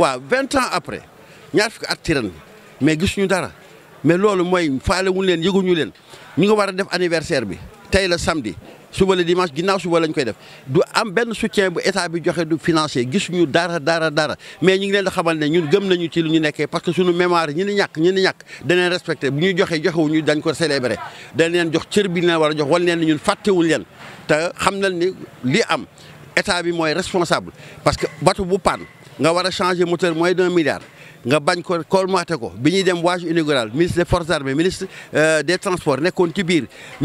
waaw vingt ans après ñaar fukki at ci ren mais gisuñu dara mais loolu mooy faalewuñu leen yëguñu leen ñu ngi war a def anniversaire bi tey la samedi suba la dimanche ginnaaw suba lañ koy def du am benn soutien bu état bi joxe du financier gisuñu dara dara dara mais ñu ngi leen da xamal ne ñun gëm nañu ci lu ñu nekkee parce que suñu mémoire ñi ni ñàkk ñi ni ñàkk daneen respecté bu ñuy joxee joxewuñu dañ ko célébrer dañ leen jox cër bi ñu leen a jox wal leen ni ñun leen te xam nañ ni li am état bi mooy responsable parce que bateau bu nga war a changé moteur moins d'un milliard nga bañ ko colmaté ko bi ñuy dem voyage inaugural ministre des forces armées ministre euh, des transports nekkoon ci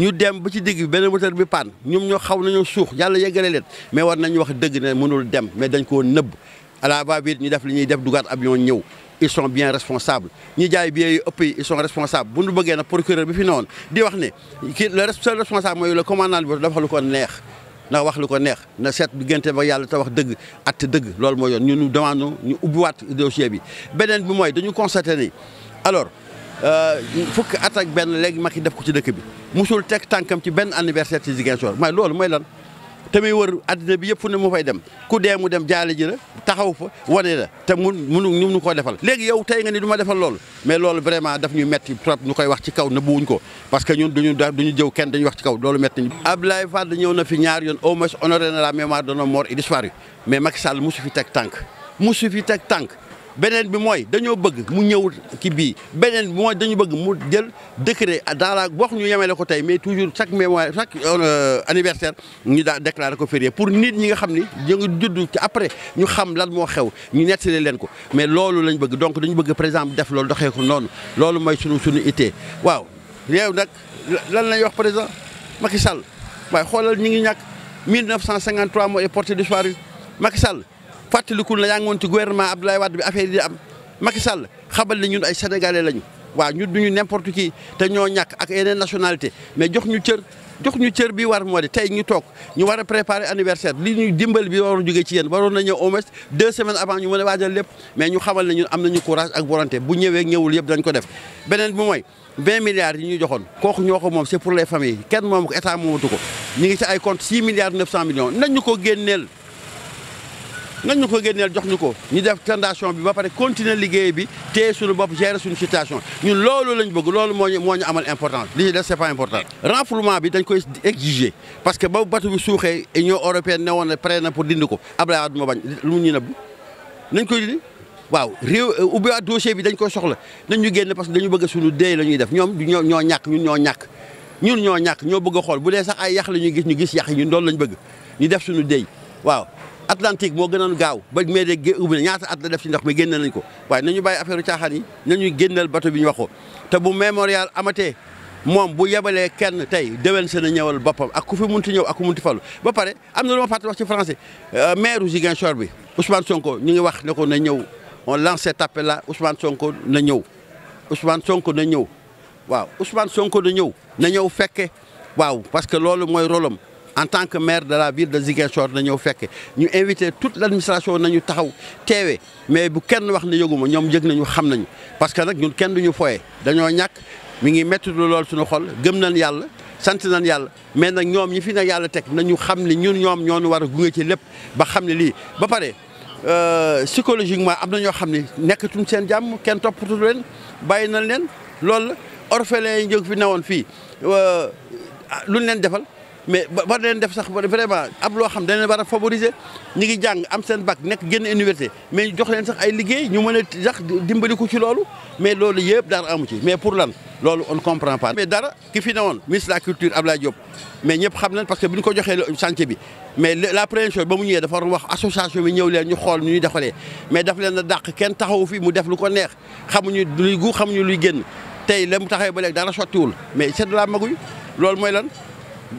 ñu dem ba ci digg bi benn moteur bi panne ñoom ñoo xaw nañoo suux yàlla yeggale leen mais war nañu wax dëgg ne mënul dem mais dañ koo nëbb à la ñu def li ñuy def dugaat avion ñëw ils sont bien responsables ñi jaay billets yu ëpp yi ils bu ñu bëggee nag procureur bi fi newoon di wax ne kii le na wax li ko neex na seet diggante ba yàlla te wax dëgg at dëgg loolu mooy yoon ñu nu demande ñu ubbiwaat dossier bi beneen bi mooy dañu constaté ni alors euh, fukk at ak benn léegi Macky def ko ci dëkk bi musul teg tànkam ci benn anniversaire ci Ziguinchor mais loolu mooy lan te muy wër addina bi yëpp fu mu fay dem ku dee mu dem jaale ji la taxaw fa wane la te mun nu ñu ko defal léegi yow tey nga ni du ma defal loolu mais loolu vraiment daf ñu metti trop ñu koy wax ci kaw nëbbuwuñ ko parce que ñun duñu ñu jëw kenn dañu wax ci kaw loolu metti nañu Abdoulaye Wade ñëw na fi ñaar yoon au moins honoré na la mémoire de nos morts et disparus mais Macky Sall mosu fi teg tànk mosu fi teg tànk beneen bi mooy dañoo bëgg mu ñëw ki bii beneen bi mooy dañu bëgg mu jël décret dans la wax ñu yemale ko tey mais toujours chaque mémoire chaque euh, anniversaire ñu daa déclaré ko férié pour nit ñi nga xam ni ñu ngi judd ci après ñu xam lan moo xew ñu nettali leen ko mais loolu lañ bëgg donc dañu bëgg par exemple def loolu doxee ko noonu loolu mooy sunu sunu ittee waaw réew nag lan lañ wax président Macky sal waaye xoolal ñu ngi ñàkk 1953 mooy porté disparu Macky Sall fàttalikul na yaa ngi woon ci gouvernement Abdoulaye xabal ne ay sénégalais lañu waaw ñun duñu n'importe qui te ñoo ñàkk ak yeneen nationalité mais jox ñu cër jox ñu cër bi war moo di tey ñu toog ñu war a préparer anniversaire li ñuy dimbal bi waroon jógee ci yéen waroon na ñëw au deux semaines avant ñu mën waajal lépp mais ñu xamal ne ñun am ak volonté bu ñëwee ñëwul yëpp dañ ko def beneen bi mooy vingt milliards yi ñu joxoon kooku ñoo ko nañ ñu ko génneel jox ñu ko ñu def tendation bi ba pare continuer liggéey bi téye sunu bopp gérer suñu situation ñun loolu lañ bëgg loolu moo ñu moo ñu amal importance li ñu def c'est pas important renflouement bi dañ ko exiger parce que ba bateau bi suuxee Union européenne ne woon na pare na pour dindi ko Abdoulaye Wade moo bañ lu ñu nëbb nañ koy waaw réew euh, ubbiwaat dossier bi dañ koy soxla nañ ñu génn parce que dañu bëgg suñu déey la ñuy def ñoom ñoo ñoo ñàkk ñun ñoo ñàkk ñun ñoo ñàkk ñoo bëgg xool bu dee sax ay yàq la ñuy gis ñu gis yàq yi ñun loolu lañ bëgg ñu def suñu déey waaw Atlantique moo gënoon gaaw ba mais de ubbi na ñaata at la def mi génne nañ ko waaye nañu bàyyi affaire caaxaan yi nañuy génneel bato bi ñu waxoo te bu mémorial amatee moom bu yebalee kenn tey déwén seen na ñëwal boppam ak ku fi munti ñëw ak ku munti falu ba pare am na lu ma fàttali wax ci français euh, maire u Ziguinchor bi Ousmane Sonko ñu ngi wax ne na ñëw on lance cet appel là Ousmane Sonko na ñëw Ousmane na ñëw waaw Ousmane Sonko na ñëw na ñëw fekke waaw parce que loolu mooy rôle am en tant que maire de la ville de Ziguinchor na ñëw fekke ñu invité toute l' administration nañu taxaw teewee mais bu kenn wax ne yëguma ñoom yëg nañu xam nañu parce que nag ñun kenn duñu foye dañoo ñàkk mi ngi métti lu lool suñu xol gëm nañ yàlla sant nañ yàlla mais nag ñoom ñi fi na yàlla teg nañu xam ne ñun ñoom ñoonu war a gunge ci lépp ba xam ne lii ba pare euh, psychologiquement am na ñoo xam ni nekkatuñ seen jàmm kenn toppatu leen bàyyi nañ leen loolu la orphelin yi jóg fi newoon fii euh, ah, luñ leen defal mais ba war leen def sax vraiment am loo xam dañ leen war a favoriser ñu ngi jàng am seen bac nekk génn université mais jox leen sax ay liggéey ñu mën a sax dimbali ko ci loolu mais loolu yëpp dara amu ci mais pour lan loolu on comprend pas. ki fi ne woon ministre de la culture Abdoulaye Diop ñëpp xam nañ parce que bu ñu ko joxee chantier bi mais la première chose ba mu ñëwee dafa war wax association bi ñëw leen ñu xool nu ñuy defalee mais daf leen a kenn taxawu fi mu def lu ko neex xamuñu luy gu xamuñu luy génn tey la mu taxawee ba léegi dara sottiwul mais c'est de la maguy loolu mooy lan.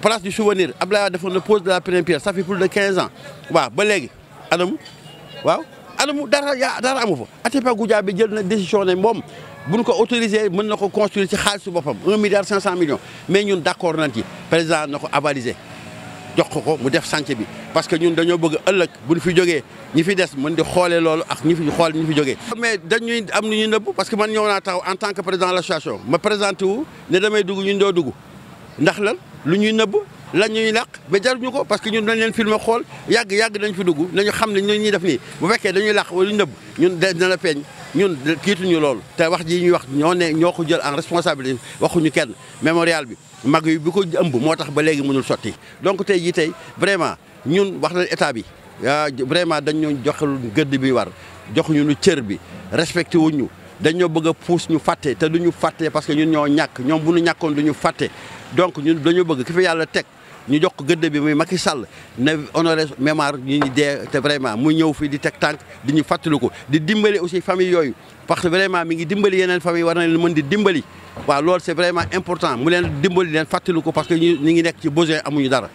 place du souvenir Abdoulaye Wade defoon na pose de la première pierre ça fait plus de 15 ans waaw ba léegi anamu waaw anamu dara amu fa Atepa Goudiaby jël na ne moom bu ñu ko autorisé mën na ko construire ci xaalisu boppam 1 milliard 500 millions mais ñun d' accord nañ ci président na ko avalisé jox ko ko mu def chantier bi parce que ñun dañoo bëgg ëllëg bu ñu fi jógee ñu fi des mën di xoolee loolu ak ñi fi xool ñi fi jógee. mais dañuy am lu nëbb parce que man ñëw naa taxaw en tant que président de l' association ma présenté doo dugg. ndax lan lu ñuy nëbb lan ñuy làq ba jaruñu ko parce que ñun dañ leen filmer xool yàgg yàgg nañ fi dugg nañu xam ne ñun ñuy def nii bu fekkee dañuy làq wala ñu nëbb ñun dina la feeñ ñun tiituñu lool te wax ji ñuy wax ñoo ne ñoo ko jël en responsabilité waxuñu kenn mémorial bi mag yi bu ko ëmb moo tax ba léegi mënul sotti donc tey jii tey vraiment ñun wax na état bi ah vraiment dañ ñoo joxul gëdd bi war joxuñu nu cër bi respecté wuñu dañoo bëgg a puus ñu fàtte te du ñu fàtte parce que ñun ñoo ñàkk ñoom bu ñu ñàkkoon du ñu fàtte donc ñun dañoo bëgg ki fi yàlla teg ñu jox ko gëdd bi muy Macky Sall ne honoré mémoire ñu ñi dee te vraiment mu ñëw fii di teg tànk di ñu ko di dimbali aussi famille yooyu parce que vraiment mi ngi dimbali yeneen famille war na leen mën di dimbali waa lool c'est vraiment important mu leen dimbali leen ko parce que ñu ngi nekk ci besoin amuñu dara